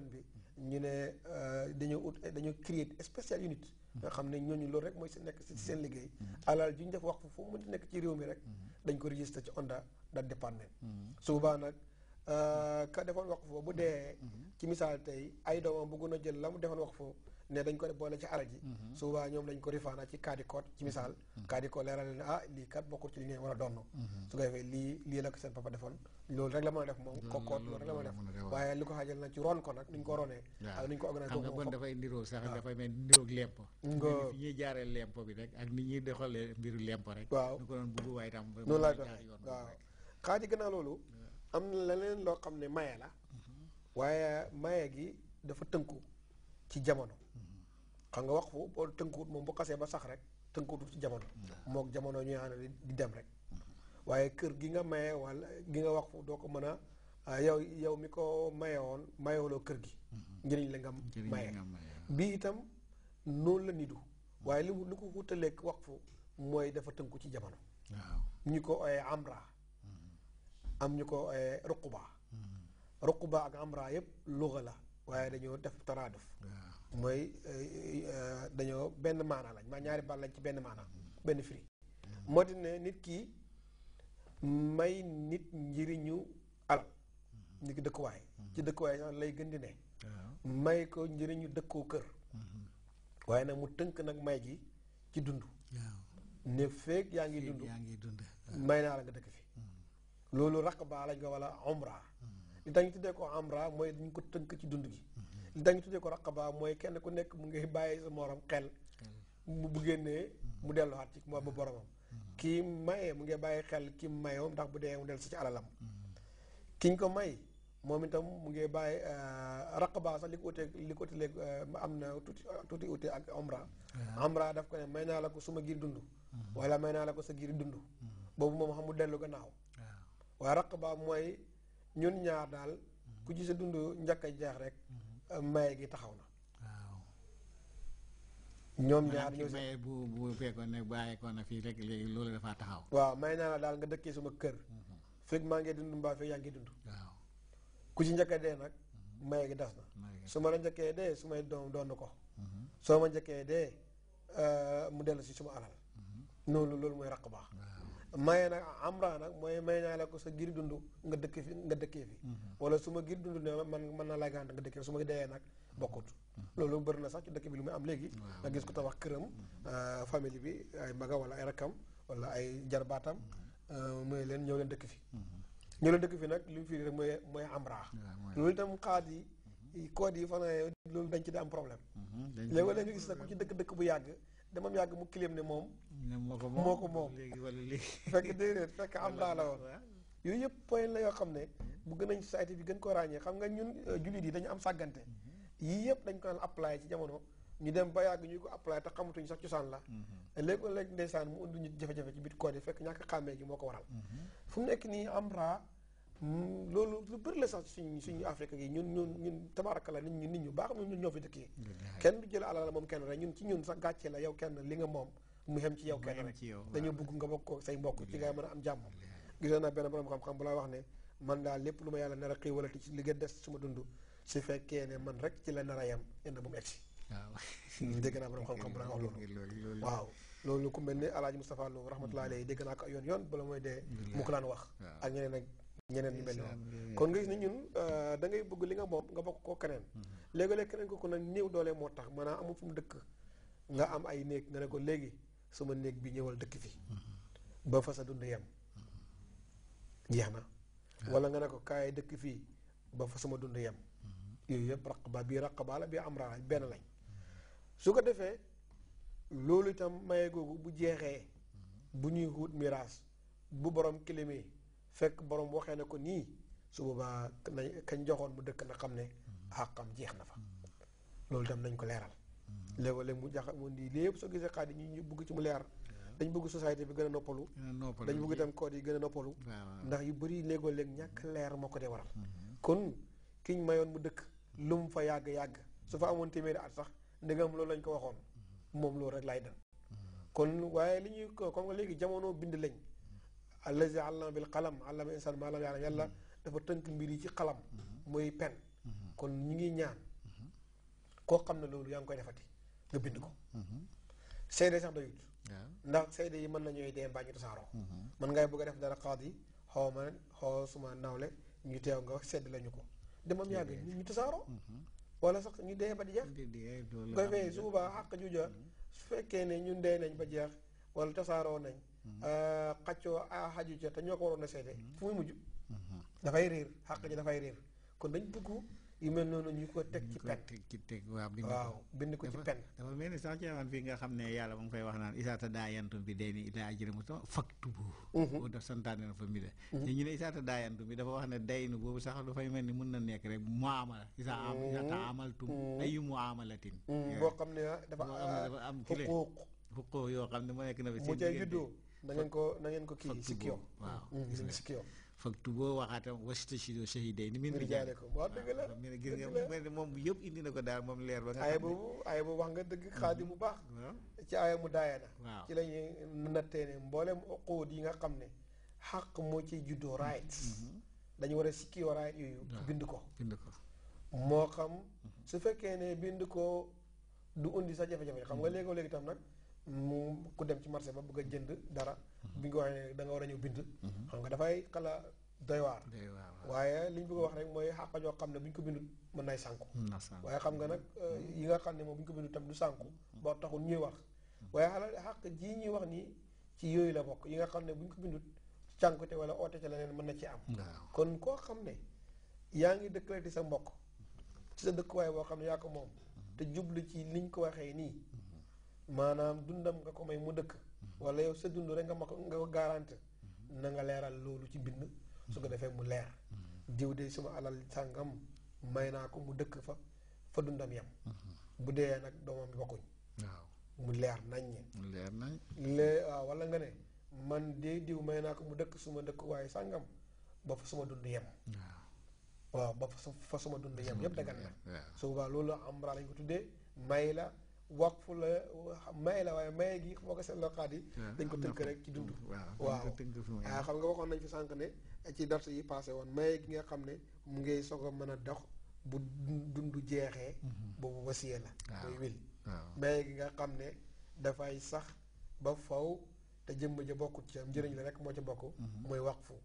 bi ñu ne euh, dañoo ut dañoo créer spécial unité nga xam ne ñooñu loolu rek mooy si nekk si seen liggéey alal ju ñu def wax fu mu nekk ci réew mi rek dañ ko registré ci onda da département mm-hmm. su boobaa nag euh, ka defoon wax foofu bu dee mm-hmm. ci misaal tey ay doomam bëggoon a jël la mu defoon wax foofu ne dañ ko boole ci alal ji mhm. souvent ñoom dañ ko rifaana ci kaadi koot ci misaal kaadi mhm. koot leeral ne ah, kat bokkul ci li ngeen war a donn mhm. su lii lii la ko seen defoon loolu rek la mën def moom ko koot loolu rek la waaye li ko xaajal nag ci ron ko nag ko ronee ak nuñ ko organisé xam nga bon dafay bi rek ak ni ñuy doxalee mbiru lempo rek waaw ñu ko doon bëgg waaye tam noonu laa waaw xaa ji gannaaw loolu am na loo xam ne maye la waaye maye gi dafa tënku ci jamono xam nga wax fu boo tënkuwut moom bu xasee ba sax rek tënkuwutul ci jamono mook jamono ñuy ànd di dem rek waaye kër gi nga maye wala gi nga wax fu doo ko mën a ah, yow yow mi ko maye woon mayewuloo kër gi mm-hmm. njëriñ la nga maye bii itam noonu la nidu waaye li li ko wutaleeg wax fu mooy dafa tënku ci jamono ñu ko ooyee amra mm-hmm. am ñu ko ay ruquba ruqba ak amra yëpp luga la waaye dañoo def taraaduf mooy eh, dañoo benn maana lañ maa ñaari baat lañ ci benn maana benn firi hmm. moo di ne nit ki may nit njëriñu alal hmm. nit ki dëkkuwaay hmm. ci dëkkuwaay lay gën di ne may ko njëriñu dëkkoo kër waaye nag mu tënk nag may gi ci dund ne feeg yaa ngi dund may naa la nga dëkk fi loolu raqba lañ ko wala omra li tax ñu tuddee ko amra mooy dañ ko tënk ci dund gi li mhm. tax ñu tuddee ko raqaba mooy kenn ku nekk mu ngi bàyyi sa morom xel mhm. mu bu génnee mhm. mu delluwaat ci moom ba boromam kii mayee mu ngi bàyyi xel ki mayoo ndax bu dee mu dellu si ci alalam kiñ ko may moom itam mu ngi bàyyi euh, raqaba sax li ko utee li ko utileeg euh, am na tuuti tuuti ak omra amra daf ko ne may naa la ko suma giir dund wala may naa la ko sa giir dund boobu moom xamul dellu gannaaw waaye raqaba mooy ñun ñaar daal ku ci sa dund njëkk a jeex rek maye gi taxaw na ñoom ñaar ñoo maye bu bu fekkoon ne bàyyeekoon na fii rek léegi loolu dafaa taxaw waaw may naa la daal nga dëkkee suma kër mhm. fekk maa ngi dund mbaa fekk yaa ngi dund waaw ku ci njëkk a dee nag mhm. maye gi das na su ma la njëkkee dee su may doom doon ko mhm. soo ma njëkkee dee euh, mu dellu si suma alal noonu loolu mooy raq baax maye nag amra nag mooy may naa la ko sa gir dund nga dëkk fi nga dëkkee fi mhm. wala su ma gir dund ne man mën naa laa gànt nga dëkkee fi su ma deyee nag bokkut mhm. loolu bëri na sax ci dëkk bi lu muy am léegi nga gis ko tabax këram mhm. euh, famille bi ay maga wala ay rakkam wala ay jarbaatam mooy euh, leen ñëw leen dëkk fi ñëw leen dëkk fi nag li mu firi rek mooy mooy amra loolu itam xaat yi code yi fana loolu dañ ci di am problème léegi léegi nga gis sax ku ci dëkk dëkk bu yàgg dama yàgg mu kilim ne moom. moo ko moom moo moom léegi wala léegi. fekk déedéet fekk am laa la woon. yooyu yëpp point la yoo xam ne. bu gën a société bi gën ko ràññee xam nga ñun euh, jullit yi dañu am sàggante. Mhm. yii yëpp dañ ko naan apply ci jamono. ñu dem ba yàgg ñu ko apply te xamatuñu sax cosaan la. Mhm. léegi léeg ndeysaan mu undu ñu jafe-jafe ci biir code yi fekk ñàkk xàmmee gi moo ko waral. Mhm. fu nekk nii am raa Hmm, loolu lu bëri la sax suñ suñu Afrique gi ñun ñun ñun tabaarakala nit ñu nit ñu baax ñun ñoo fi dëkkee kenn du jël alal moom kenn rek ñun ci ñun sax gàcce la yow kenn li nga moom mu xem ci yow kenn rek dañoo bëgg nga bokk say mbokk ci ngay mën am jàmm gisoon naa benn borom xam-xam bu laa wax ne man daal lépp lu ma yàlla nar wala ci li nga des su ma dund su fekkee ne man rek ci la nar a yem yenda bu mu waaw dégg naa borom xam-xam bu laa wax loolu waaw loolu ku mel ne alaaji Moustapha Lo rahmatullahi alayhi dégg naa ko yoon yoon bala mooy dee mu ko daan wax ak ñeneen nag ñeneen ñu mel noonu kon nga gis ne ñun euh, da ngay bëgg li nga moom nga bokk koo keneen mm-hmm. léegi-léeg keneen ko ko nag néew doole moo tax maanaam amul fu mu dëkk nga am ay néeg nga ne ko léegi suma néeg bi ñëwal dëkk fi mm-hmm. ba fa dund yem mm-hmm. na wala nga ne ko kaay dëkk fii ba fa suma dund yem yooyu yëpp raqaba bii raqaba la bii amra la benn lañ su ko defee loolu itam maye googu bu jeexee bu ñuy wut miraas bu borom kilimee fekk borom waxee na ko nii su boobaa nañ kañ joxoon mu dëkk na xam ne àqam jeex na fa loolu tam nañ ko leeral léeg-léeg mu jax mu di lépp soo gisee xaat yi ñu bugg ci mu leer dañ bëgg société bi gën a noppalu dañ bëgg itam code yi gën a noppalu ndax yu bëri léegoo-léeg ñàkk leer moo ko dee waral mm-hmm. kon kiñ mayoon mu dëkk lu mu fa yàgg-yàgg su fa amoon téeméeri at sax ndegam loolu lañ ko waxoon mm-hmm. moom loolu rek laay dem mm-hmm. kon waaye li ñuy comme léegi jamono bind lañ allazi allama bil qalam allama insan ma lam ya'lam yàlla dafa tënk mbir ci xalam moy pen kon ñi ngi ñaan ko xamne lolu yang koy defati nga bind ko seyde sax doyut ndax seyde yi man nañooy dee dem bañu tassaro man ngay bëgg def dara qadi yi xaw nawle ñu tew nga sedd lañu ko demam yag ñu tassaro wala sax ñu dé ba di jax ko fee suba boobaa juja su ne ñun dé nañ ba jax wala tassaro nañ Euh, xaccoo a ah, xaju ca te ñoo ko waroon a seete mm-hmm. fu muy mujj mm-hmm. dafay réer xàq ji dafay réer kon dañ bëgg yu mel noonu ñu ko teg ci pen ci teg waaw bind ko ci pen mel ni sax ci nga xam ne yàlla mu koy wax naan isaata daa yantum bi day ni ilaa ajri musamman faktubu mm-hmm. boobu daf santaane na fa mi de te ñu ne isaata bi dafa wax ne daynu boobu sax dafay mel ni mën na nekk rek mu amala isaa isaata amaltum ayu mu amalatin eh. boo xam ne dafa am ah, xuquuq xuquuq yoo xam ne mu nekk na fi seen na ko na ngeen ko kii si kii waaw mm, si kii faktu boo waxaatam wasita si doo shahiday ni min rijaale ko waaw dëgg la mi gis moom yëpp indi na ko daal moom leer ba nga aaya boobu aaya nga dëgg xaadi mu baax mm, ci aaya mu daayana ci la ñuy nattee ne mboolem xóot yi nga xam ne xaq moo ciy juddoo right mm-hmm. dañu war a sikkiyoo right yooyu bind ko bind ko moo xam mm-hmm. su fekkee ne bind ko du undi sa jafe-jafe xam nga mm-hmm. léegoo léegi tam nag mu ku dem ci marché ba bëgg a jënd dara. Mhm. bi nga waxee da nga war a ñëw bind. Mhm. xam nga dafay xala doy waar. waaye li ñu bëgg a wax rek mooy xàq joo xam ne bu ñu ko bindul mën nay sànku. waaye xam nga nag euh, mhm. yi nga xam ne moom bu ñu ko bindul tam du sànku. boo taxul ñuy wax. waaye xala xàq ji ñuy wax nii ci yooyu la bokk yi nga xam ne bu ko bindul cànkute wala oote ca mën na ci am. kon koo xam ne yaa ngi dëkkale di sa mbokk. ci sa dëkkuwaay boo xam ne yaa ko moom. te jublu ci liñ ko waxee nii. manam dundam e mm-hmm. nga ko may mu dëkk wala yow sa dund rek nga ma nga ko garanti na nga leeral loolu ci bind su ko defee mu leer mm-hmm. diw de suma alal sangam may naa ko mu dëkk fa fa dundam yam mm-hmm. bu dee nag doomam bokkuñ waaw mu leer nañ mu leer nañ lee waaw wala nga ne man de diw may naa ko mu dëkk suma dëkk waaye sangam ba fa suma dund yam waaw ba fa suma dund yam yëpp dagan na su boobaa loolu amra lañ ko tuddee may la fu la may la waaye maye gi boo ko seetloo xaat yi. dañ ko tënk rek ci dund. waaw waaw ah, xam nga waxoon nañ fi sànq ne ci date yi passé woon maye gi nga xam ne mu ngay soog a mën a dox bu dund jeexee. Mhm. boobu wasiya la. muy wil maye gi nga xam ne dafay sax ba faw te jëmm ja bokkut ci am njëriñ la rek moo ci bokk. Mhm. mooy waqfu.